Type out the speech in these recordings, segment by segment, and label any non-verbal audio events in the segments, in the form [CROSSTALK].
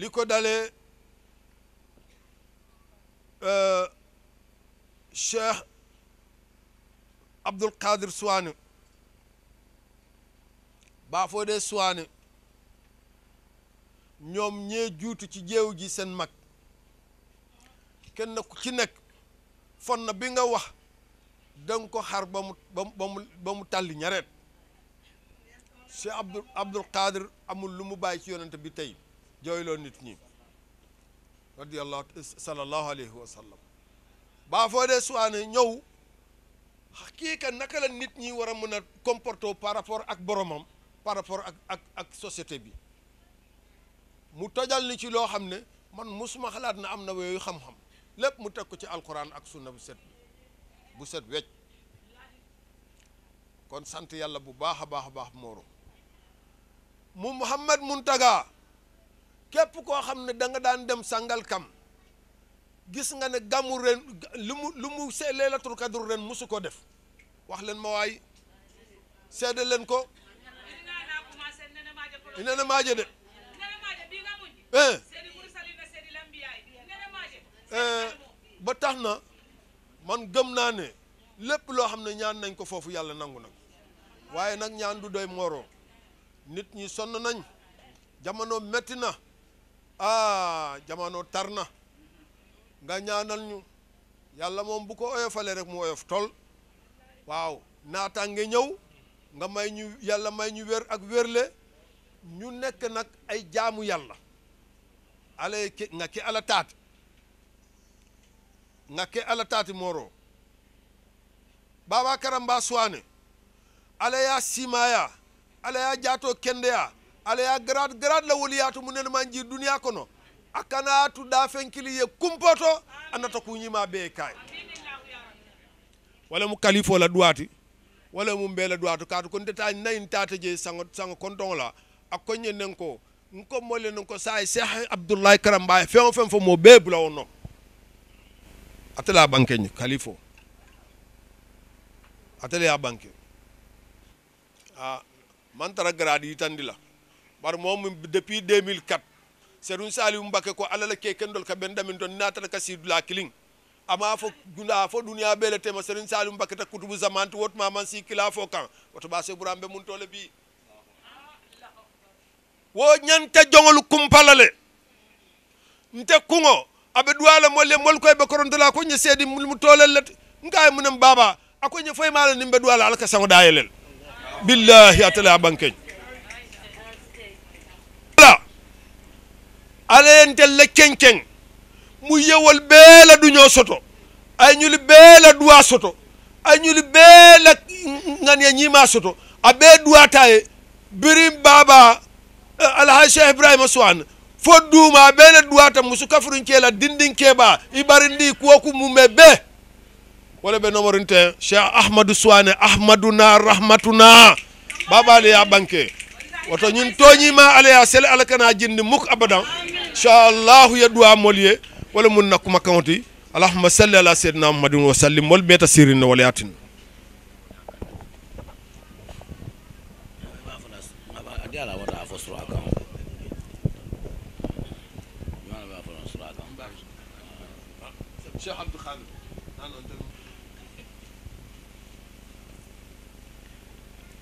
li ko dalee euh, cheikh abdul qadir suwaani Baafoodee suwaani ñoom ñee juutu ci jéew ji seen mag kenn ku ci nekk fon na bi nga wax danga ko xar ba mu ba mu ba tàlli ñareet cheikh abdul abdul qadir amul lu mu bàyyi ci yonent bi tey jooy loo nit ñi radiyallahu sallallahu alayhi wa sallam baa foo dee suwaane ñëw kii naka la nit ñi war a mën a comporter par rapport ak boromam par rapport ak ak ak société bi mu tajal ni ci loo xam ne man musuma xalaat na am na yooyu xam-xam lépp mu teg ko ci alquran ak sunna bu set bu set wecc kon sant yàlla bu baax a baax a baax mooro mu Muhammad Muntaga képp koo xam ne danga daan dem sangal kam gis nga ne gàmmu ren lu mu lu mu see leelatul ren musu ko def wax leen ma waay seede leen ko inene maaje de eh. Eh, ba tax na man gëm naa ne lépp loo xam ne ñaan nañ ko foofu yàlla nangu nag waaye nag ñaan du doy moro nit ñi sonn nañ jamono metti na ah jamono tar na nga ñaanal ñu yàlla moom bu ko oyofalee rek mu oyof tol waaw naataange ñëw nga may ñu yàlla may ñu wér ak wérle ñu nekk nag ay jaamu yàlla ala ki nga ki ala taati nga ke ala taati baba karamba suwane ala ya simaya ala ya ala ya grade grade la woliyatu munen man ji duniya kono akana tuɗa fenkili ye kumpoto annata kuñima be kay wala mu kalifo la duwati wala mu mbela duwatu katu kon deta nayin tata je sango sango konton la akonye nenko nko mole nenko say cheikh abdoulaye karamba fe on fen fo mo be bula wono atela banke ni kalifo atela banke ah man tara grade yitandila par moom depuis 2004 serun salihu mbake ko alala kekendol ka ɓen ɗamin ton natata ka sidula kiling ama fo gunda fo duniya ɓele tema serun salihu mbake ta kutubu zamanti wot maman si kila fo kan woto ɓa seburan ɓe mum tole bi wo ñanta jogol kumpalale nte kuŋo aɓe duwala molle mol koye ɓe korontola ko ñe seedi mu tolel let nkaye munen baba ako ñe foye mala nin ɓe duwala alaka saŋo ɗayelel billahi atala bankeñ alayentel le kenkeŋ mu yewol bee la duñoo soto ay ñuli bee la duwa soto ay ñuli bee la ŋaniya ñiima soto a bee duwata ye birin baaba eh, alhaji cheikh ibrahima fo duma a bee le duwata musu kafurinke la dindinkee baa i barindi kuwoku mume bee wala ɓe nomorinte cheikh ahmadu suwane ahmaduna rahmatuna baba ale ye banke woto ñin toñima ala ya sele ala kana jindi muk abadan inchallahu yeɗɗuwa molye wala mun nakkuma kawti allahuma salli ala seydina mouhamadin wa sallim mol ɓeeta sirinno wala yatinno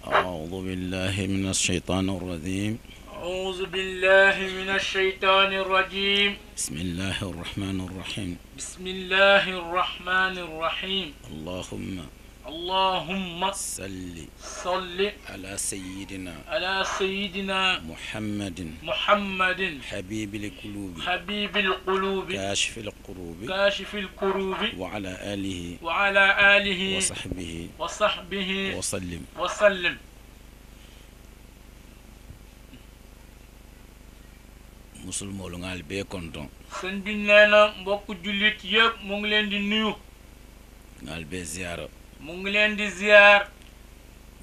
أعوذ بالله من الشيطان الرجيم أعوذ بالله من الشيطان الرجيم بسم الله الرحمن الرحيم بسم الله الرحمن الرحيم اللهم اللهم صل صل على سيدنا على سيدنا محمد محمد حبيب القلوب حبيب القلوب كاشف القروب كاشف الكروب وعلى آله وعلى آله وصحبه وصحبه وسلم وسلم musulmoluŋal be konton sëñ bi nee na mbokk jullit yëpp mu ngi leen di nuyu ŋal be ziyaara mu ngi leen di ziyaar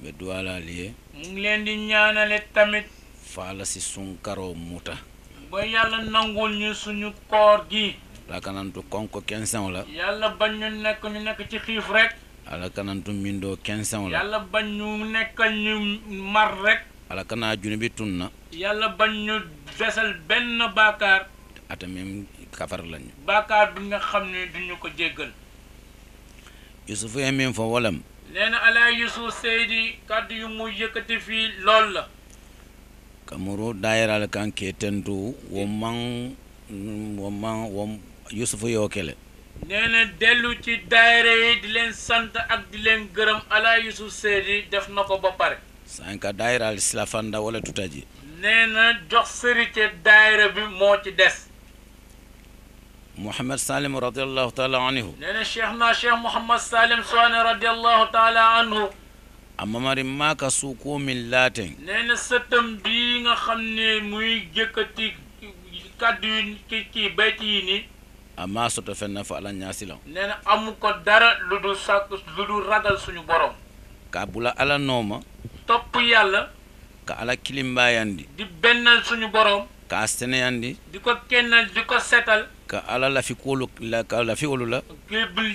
ɓe duwalali ye mu ngi leen di ñaanale tamit faala si sunkaroo muta ba yàlla nangul ñu suñu koor gi alakanantu konko kenseŋo la yàlla bañ ñu nekk ñu nekk ci xiif rek alakanantu mindoo kenseŋo la yàlla bañ ñu nekkal ñu mar rek alakanaa junubi tun na yàlla ba ñu desal benn baakaar atamim kafar lañu baakaar bi nga xam ne duñu ko jéggal yusufu ye min fo nee na alaa yusuf seydi kàddu yu mu yëkkati fii lool la kamuru daayiral kan kee tentu wo maŋ yusufu yoo kele nee na dellu ci daayira yi di leen sant ak di leen gërëm alaa yusuf seydi def na ko ba pare sànq daayira al silafanda wala tutaji nee na jox sëriñ ca daayira bi moo ci des Mouhamed Salim radiallahu taala anhu nee na cheikh na cheikh Mouhamed Salim Soane radiallahu taala anhu amamari maaka suukoo min laaten nee na sëtam bii nga xam ne muy jëkkati kàddu yi ki kii bayti yi ni amaa soto fenn fa ala ñaasi la nee na amu ko dara lu dul sàkk lu dul ragal suñu borom ka bula ala nooma topp yàlla ka ala kilimbayandi di bennal suñu borom ka seneyandi di ko kennal di ko setal ka ala lafi kuolu la ka lafi olu la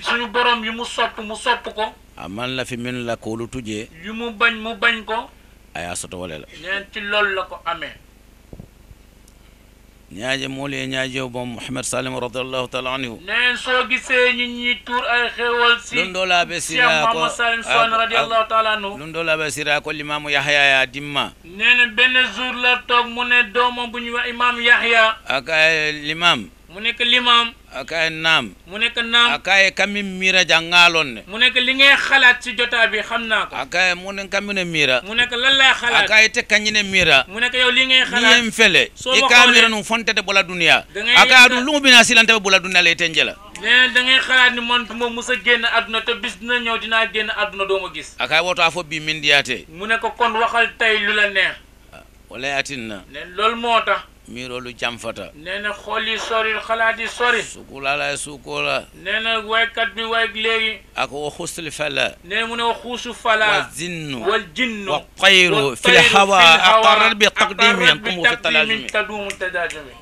suñu borom yi mu sopp mu sopp ko aman lafi min la koolu tujee yi mu bañ mu bañ ko a y'a soto wale la neen loolu la ko amee ñaaje moo lee ñaaje yow moom Mouhamed Salim taala anhu neen soo gisee ñi tuur ay xéwal si lun be sira ko Mouhamed Yahya ya dimma nee benn jour la toog mu ne doomam bu ñu wax imaam Yahya mu nekk limam akaye naam mu nekk naam akaye kami miira jangaalon ne mu nekk li ngay xalaat ci jotaa bi xam naa ko akaye mu ne kamine miira mu nekk lan laa a akaye te kañine miira mu nekk yow li ngay xalaat niyen fele i ka miira num fontete bola duniya akaye aɗum lungu bina silanteɓe bola duniya ley ten jela nee da ngay xalaat ni man duma mus a génn àdduna te bis dina ñëw dinaa génn àdduna doo ma gis akaye woto a fo bi min diyaate mu ne ko kon waxal tey lu la neex wala yaatin na moo tax mirolu jamfata nee xoli sori xalaati sori sukula la sukula sukulaala way kat bi way legi ak wa khusul fala nee na mu ne wa xuusu fala wa jinnu wal jinnu wa qayru fi hawa aqarr bi taqdimi yanqumu fi talaajumi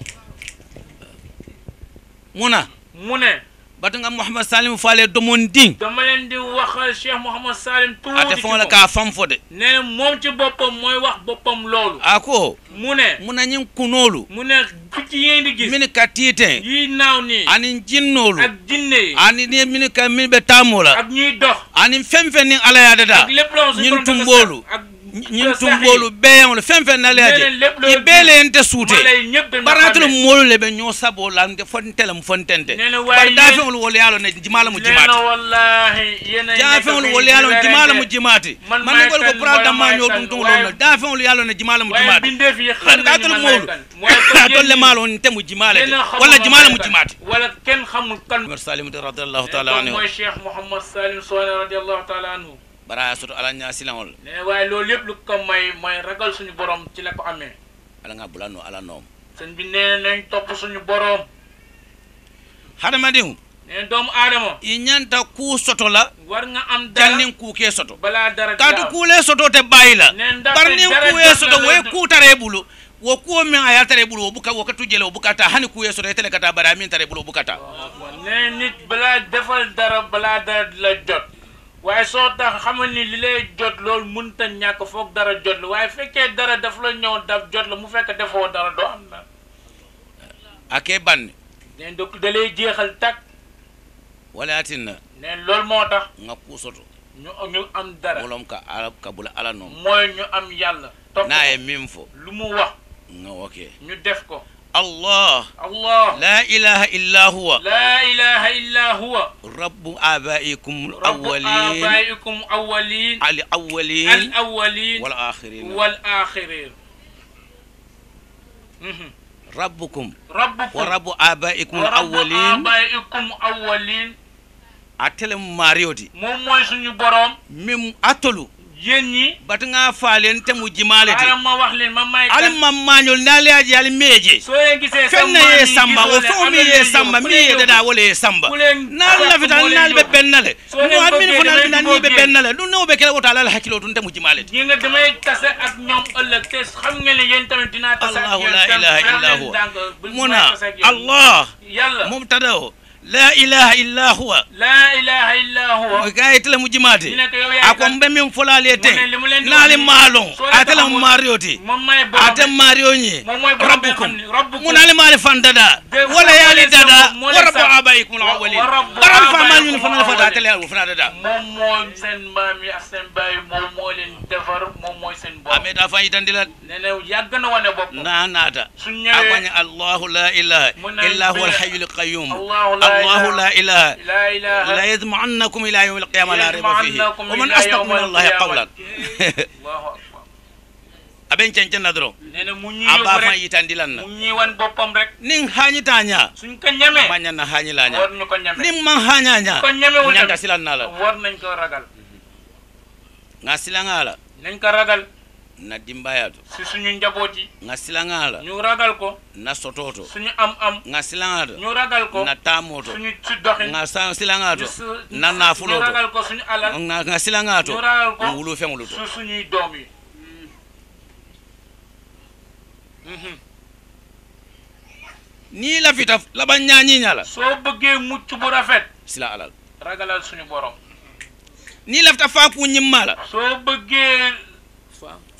muna muna batanga Mouhamad Salim Fale domoon ding dama leen di waxal Cheikh Mouhamad Salim tuuti ate fon la kaa fam fo de mooy wax boppam loolu a ah, ko mu ne mu na ñin kunoolu mu ne picc yeen di gis min ka tiiten yii naaw nii ani jinnoolu ak jinne ka min be taamoo la ak ñuy dox ani ala yaa dada ak tumboolu ak ñintum boolu beeyoŋolu feŋ feŋ na leya je i bee le yente suute baratolu moolu le be ñoo saboo la nte fonte lemu fontente bari daafeŋolu wolu ye a loŋ ne jimaa [LAUGHS] lemu jimaati a loŋ jimaa lemu jimaati mandigolu ko pura dammaa ñoo duntuŋololu la daafeŋolu ye a loŋ ne jimaa lemu jimaati bari daatolu moolu atolu le maa loŋ nte mu jimaa le de walla jimaa lemu jimaati Salim radiallahu taala anhu mooy Cheikh Mouhamad Salim Soane radiallahu taala anhu bara soto ala nya silanol ne way lo lepp lu ko may may ragal suñu borom ci la ko amé ala nga bulano ala nom señ bi ne nañ top suñu borom hadama dihum ne dom adama i ñanta ku soto la war nga am dara jalnin ku ke soto bala dara du ku le soto te bayila ni ku ye soto way ku tare bulu wo ku min a y'a bulu o buka wo ka tu jele buka ta hani ku ye soto itele ka taa min tare bulu o buka ta oh, ne nit bala defal dara bala dara la jot waaye soo tax xamal ni li lay jot loolu mënta ñàkk foog dara jot la waaye fekkee dara daf la ñëw daf jot la mu fekk defoo dara doo am na. akee bànn. nee donc da lay jeexal tàkk. walaatin na. nee loolu moo tax. nga kuusoto. ñu ñu am dara. wolom ka ka ala noonu. mooy ñu am yàlla. topp naa ye min fo. lu mu wax. nga ok ñu def ko. الله الله لا إله إلا هو لا إله إلا هو رب آبائكم الأولين رب آبائكم أولين الأولين الأولين والآخرين والآخرين ربكم ربكم ورب آبائكم الأولين ورب آبائكم الأولين أتلم ماريودي مو موي سونو بوروم ميم أتلو yéen ñi batu nga faalen te mu jimaale te alam ma wax leen ma may alam ma mañol na le aji al meje so ye gise samba fenn ye samba o fo mi ye samba mi ye dada wala ye samba na la na be bennale no amin fo na na ni be bennale du no be kala wota ala hakilo tun te mu jimaale te nga damay tase ak ñoom ëllëg te xam nga ne yéen tamit dina tase ilaha illa huwa mona Allah yalla mum لا إله إلا هو لا إله إلا هو كأي تلا مجماتي أقوم بمن فلاليتي نالي مالون أتلا ماريوتي أتلا ماريوني ربكم من علم علي فندادا ولا يالي دادا ورب أبايك من أولي ورب فمان من فمان فدا أتلا وفندادا مموم سن بامي أسن باي مومولين تفر مموي سن بام أمي دافا يتندلا نينو يغن وانا بوب نا نادا أقوم الله لا إله إلا هو الحي القيوم الله لا allahu laa ilaha laa yajmaannakum ila yawmi alqiyama laa rayba fihi wa man asdaqu min allahi qawlan aɓen cancana doro aba fan yitandilan na nin hañitaña ma ñanna hañilaña nin man hañaña ñanta silan nala nga silanga la nin ka ragal na dimbaya to si suñu njaboti yi nga silaŋaa ñu ragal ko na sototo suñu am-am nga silangala ñu ragal ko na tamoto suñu ci doxin nga sa silangala to na na fulo ñu ragal ko suñu alal nga silangala to ñu ragal ko wulu feŋolu to su ni la yi mm-hmm. nii la fitaf ñaani ñala so bëgge muccu bu rafet sila alal ragalal suñu borom ni la faa kuu ñimmaa la soo bëggee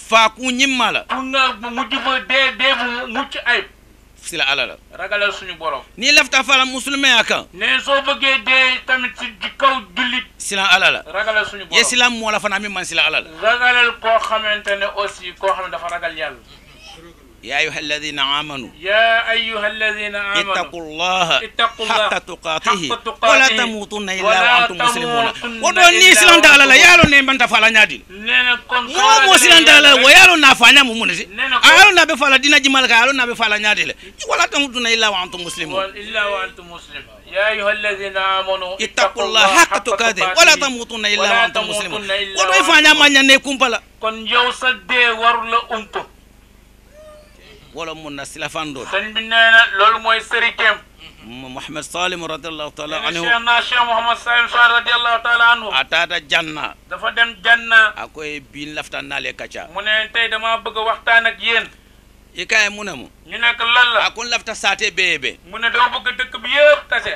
faakuu la ku na mujjuba dee dee mu mucc ay si la ala la ragalal suñu borom nii lafta faala musulmé a kan ne soo bëggee dee tamit si di kaw jullit si la ala la ragalal suñu borom ye si la moo la fanaa mi man si la ala la ragalal koo xamante ne aussi koo xam ne dafa ragal yàlla يا أيها الذين آمنوا يا أيها الذين آمنوا اتقوا الله اتقوا الله حق تقاته ولا تموتن إلا وأنتم مسلمون ودون نيسلان دالا لا يالو نيمان تفالا نادين مو مسلان دالا ويالو نافانا ممونسي أيالو نابي فالا دينا جمالك أيالو نابي فالا نادين ولا تموتن إلا وأنتم مسلمون إلا وأنتم مسلمون يا أيها الذين آمنوا اتقوا الله حق تقاته ولا تموتن إلا وأنتم مسلمون ودون فانا ما نيكم بلا كن جو سدي ورلا أنتم wala mun na silafandooti sëñ bi nee na loolu mooy sëritéem Mouhamed Salim radiallahu taala anhu Cheikh na Cheikh Mouhamed Salim Sall radiallahu taala anhu a taata janna dafa dem janna a koye biin laftaan naalee kacca mu ne tey dama bëgg a waxtaan ak yéen i kaye mu ne mu ñu nekk lan la a kun lafta saate bee be mu ne dama bëgg dëkk bi yëpp tase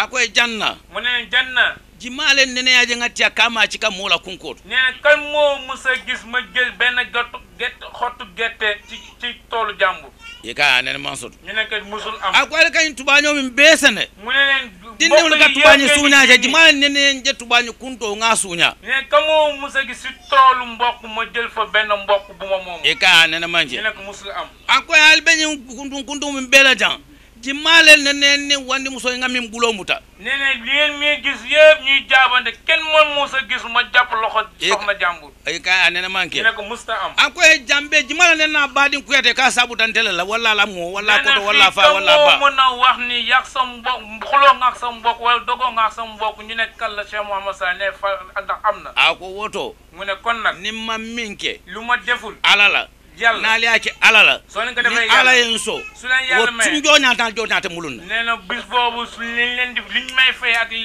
a koye janna mu ne janna kimalen nene yaje ngati ya kama chika mola kunkoto ne kan mo musa gis ma jël ben got get xotu gette ci ci tolu jambu ye ka nene mansut ñu nek musul am akwal kan tubaño min besene mu ne len dinne wala ka tubaño suña ja je tubaño kunto nga suña ne kan mo musa gis ci tolu mbok ma jël fa ben mbok bu ma mom ye ka nene manje ne nek musul am akwal ben kuntu kuntu min jimmalel ne nen nin i musoy ngamin bulo muta nene lien mi gis yëpp ñuy jaabante kenn moon musa gis ma jàpp loxo soxna jàmbur ay ka a nene manke ne ko musta am an koye jambe jimala nen na baadin kuyate ka sabutantele la walla la ŋo walla koto walla fa walla a wax ni yàq sa mbokk xuloo nga ak sa mbokk wala dogoo nga ak sa mbokk ñu ne kan la Cheikh Mouhamed ne fa am na a ko woto mu ne kon nag ni ma min ke lu ma deful ala la n'ale y'a kɛ ala la ni ala ye n sɔn wa jɔn y'a ta jɔn y'a tɛ mulu na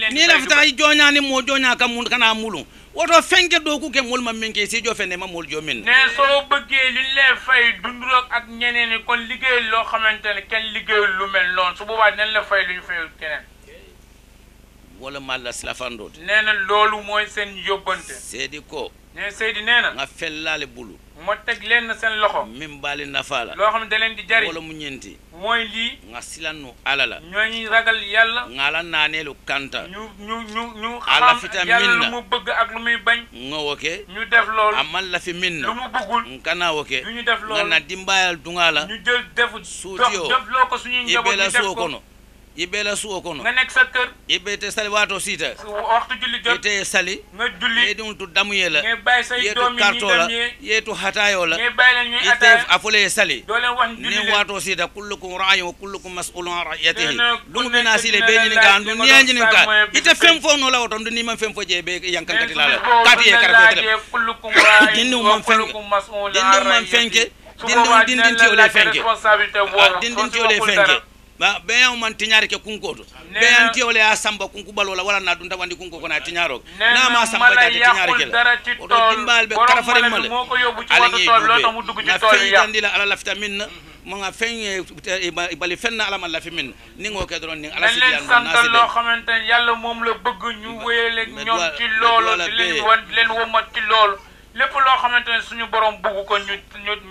n'i yɛrɛ fita jɔn y'a ni mɔ jɔn ka mun kana mulu woto fenke do ku ke mol ma min ke si jo fene ma mol jo min ne so beugé li lay fay dunduro ak ñeneen kon liggéey lo xamantene ken liggéey lu mel non su boba dinañ la fay luñu fayul keneen wala malla silafandode nee na loolu mooy seen yóbbante seedi ko ne seydi nee na nga fellaale bulu moo teg leen seen loxo min baali nafaa la loo xam ne da di jari wala mu ñenti mooy lii nga silannu ala la ñooy ragal yàlla nga ala naaneelu kanta ñu ñu ñu ñu xam ala fita yàlla lu mu bëgg ak lu bañ nga woke ñu def loolu amal la fi min na lu mu bëggul nkanaa woke ñu def loolu na dimbaayal dungaa la ñu jël defu suutiyoo def loo ko suñuy njaboot ñu def kono yibbe la suwo kono nga nek sa kër yibbe te sali wato sita waxtu julli jot te sali nga julli ye dum tu damu ye la ngay bay say doomi ni la ye tu hatayo la ngay bay la ñuy ata afule sali do len wax julli ne wato sita kullukum ra'in wa kullukum mas'ulun an ra'yatihi dum bina sile be ni nga andu ni anji ni ka ite fem fo no la woto ni man fem fo je be yankan kati la la kati ye kar ko tele kullukum ra'in dindi man fenke dindi man fenke dindi dindi ti ole fenke ah, dindi ti fenke be yan man tiñaari ke kunko to be yan ti wala samba kunku bal wala wala na dunda wandi kunko ko na tiñaro na ma asamba jadi tiñaari ke o do dimbal be kara fare mal ala ni do na fi dandila ala lafta minna manga feñ eh, bali fenn ala man lafi min ni ngo ke doron ni ala si yalla na si lo xamantene yalla mom la bëgg ñu wéyel ak ñom ci loolu di leen won di leen womat ci loolu lepp lo xamantene suñu borom bëgg ko ñu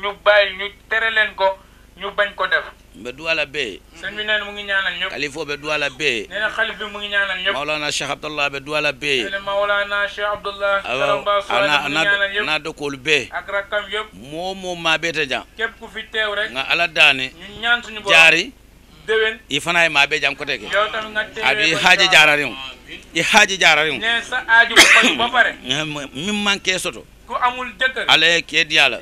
ñu bay ñu téré leen ko ñu bañ ko def mbe duwala bee sëñ bi nee na mu bee nee na xalif bi mu ngi ñaanal ñëpp bee nee na maolana cheikh bee ak moo moom maa beeta jam ala daane jaari i fanaye maa bee jam ko teke yow i haaji jaarariŋo i haaji jaarariŋo nee sa aaju [LAUGHS] soto ku amul ala ye kee di a la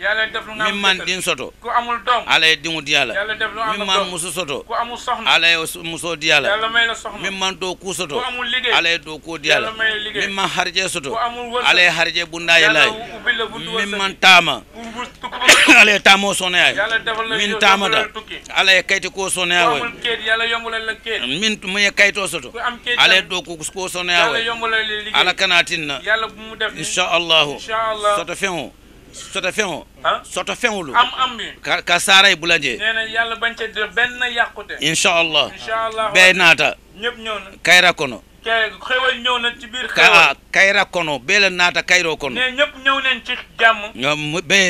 min man din soto amul doom ala ye diŋo di la min man muso soto amul soxna ala ye musoo di a la min man doo kuu soto ala ye doo koo di a la min man harijee soto ala ye harijee bundaa ye la ye min man taama [COUGHS] ala tamo sonaya min tamada ala kayti ko sonaya wa min mu ye kayto soto ala do ko ko sonaya wa ala kanatinna insha allah soto fengo soto fengo soto fenwulu am am ka, ka saaray bulanje nee na yàlla bañ ca def benn yàqute insha allah insha allah bay naata ñëpp ñëw na kayra kono te na ci biir. xewal ah, kayra kono beela naata kayroo kono. nee ñëpp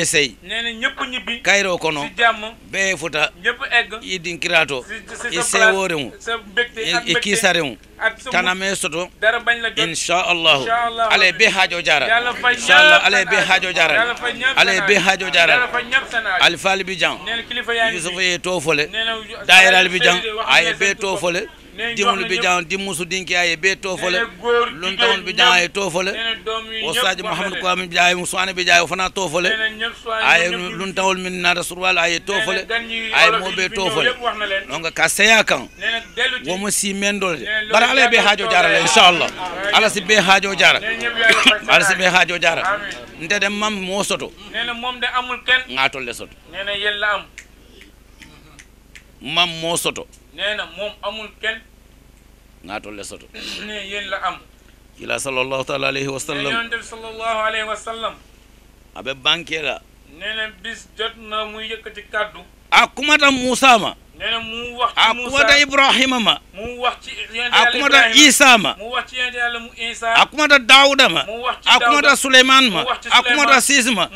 sey. na ñëpp ñibbi. kayroo kono si jàmm. bee futa. ñëpp i dinkiraato. si i seewoore i kiisare mu. ak soto. dara bañ la jot incha allahu. jaara. yàlla fay ñaar ale jaara. yàlla fay Yusuf yee toofole. nee na daayiraal bi toofole. dimul bi jaan dimmusu dinki aye be toofale lun tawon bi jaan aye toofale wo sadio mahamadou koamin bi aye suwane bi jaaye fana toofale aye lun tawol min na rasulwal aye toofale aye moɓe toofale donc ka seya kan womo si mendolde bara ala be haajo jarala inchallah ala si be haajo jara ala si be haajo jara nde ɗen mam mo soto ngatol le soto mam mo soto nee mom amul ken ŋaato lesoto ne yéen la am ila sallallahu taala alayhi wa sallam yonente sallallahu alayhi wa sallam abe bankela la bis jot na muy yekati kaddu akuma ta musa ma nee mu wax akuma ta ibrahima ma mu wax ci akuma ta isa ma mu wax ci yonente yàlla mu isa akuma ta daawuda ma mu wax ci akuma ta suleyman ma akuma ta sisma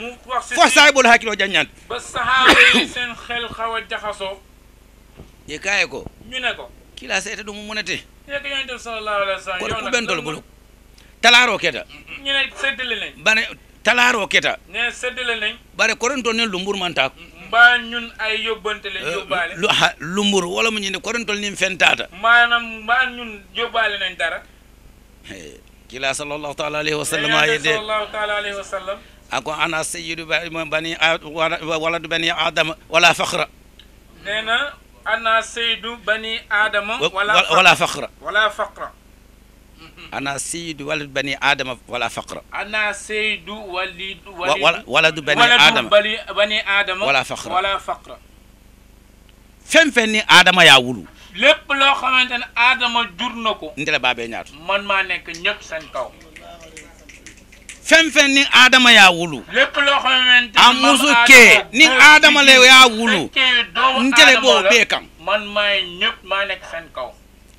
fo saayibol hakilo jagnat ba sahaba yi xel xawa jaxaso je kaye ko ñu ne ko kila seeta ɗum munete yeke yonte sallallahu alaihi wasallam kono ku bentol bulu talaro keta ñu ne seddele nañ talaro keta ne seddele nañ bare koren to ne lumbur man tak mm, mm, ba ñun ay yobante lañ eh, yobale lumbur wala mu ñine koren tol fentata manam ba ñun yobale nañ dara kila sallallahu ta'ala alaihi wasallam ayede sallallahu ta'ala alaihi wasallam ako ana sayyidu bani wala bani adam wala fakhra nena أنا سيد بني آدم ولا فقر ولا فقر, أنا سيد ولد بني آدم ولا فقر أنا سيد ولد ولد, ولد بني ولد آدم بني آدم ولا فقر ولا فقر فين فين آدم يا ولو لب loo خمنت آدم جرنكو أنت لا ko. ndele baa bee نك man maa fen fen ni aadama yaa wulu lépp a musu kee ni aadama le yaa wulu ntele boo bee kam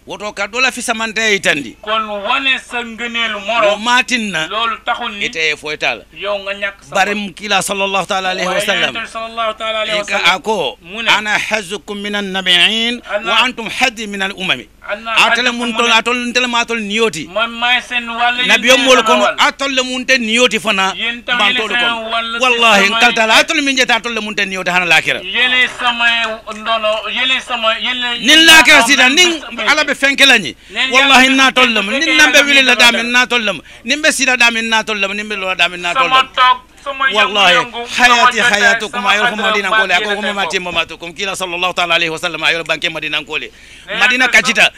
woto ka dola fi samante itandi kon wane sa ngeneelu moro foytal barim kila sallallahu ta'ala alayhi wa sallam sallallahu ako ana hazukum minan nabiyyin wa antum hadi minal umami atole mun tol atol ntel ma tol niyoti nabiyo mol kono atol mun te niyoti fana ban tol kono wallahi kalta la atol min jeta atol mun te niyoti hana lakira yele sama ndono yele sama yele nin lakira sida nin ala be fenkelani wallahi na tol nin nambe wili la dame na tol nin be sida dame na tol nin be lo dame na tol wallahi hayati hayatukum ayol ko madina ko le ko ko mati mamatu matukum kila sallallahu ta'ala alaihi wasallam ayol banke madina ko le madina kajita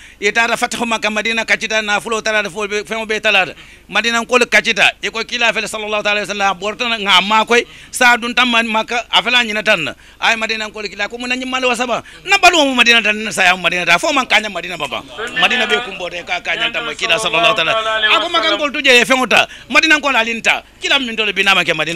ra fathu makka madina kajita na fulo tara da fo fe mo be tala madina ko le kajita e ko kila fe sallallahu ta'ala alaihi wasallam borta nga ma koy sa dun tam makka afala nyina tan ay madina ko le kila ko mo nyi mal wasaba na balu mo madina tan sa saya madina ta fo man kanya madina baba madina be kumbo de ka kanya tam kila sallallahu ta'ala ako makan ko tuje fe ngota madina ko alinta kila min dole binama ke madina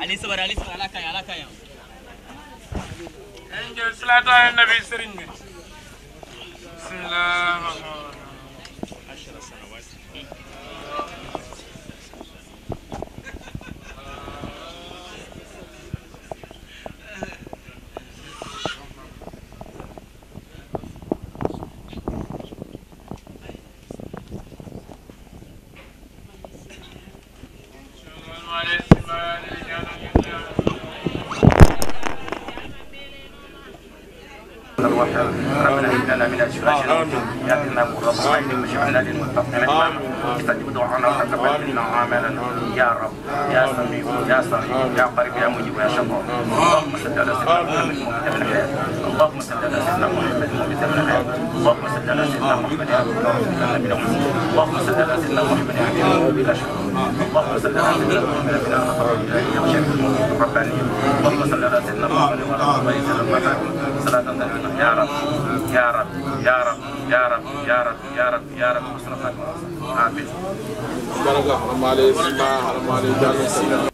Ali sabar Ali sabar alaka ya alaka ya. Angel salatu ala nabi sëriñ bi. Bismillah. اجرا يا ربنا وجعلنا للمتقين اماما استجب دعانا وتقبل منا اعمالنا يا رب يا سميع يا سميع يا قريب يا مجيب يا شفاء اللهم صل على سيدنا محمد المهدي الحياه اللهم صل على سيدنا محمد المؤمن الحياة اللهم صل على سيدنا محمد النبي اللهم صل على سيدنا محمد بلا شك اللهم صل على سيدنا محمد بلا ربانية اللهم صل على سيدنا محمد وعلى آله وسلم صلاة دائما يا رب يا رب يا رب يا رب يا رب يا رب يا رب حسن خاتمة آمين بارك الله عليك الله عليك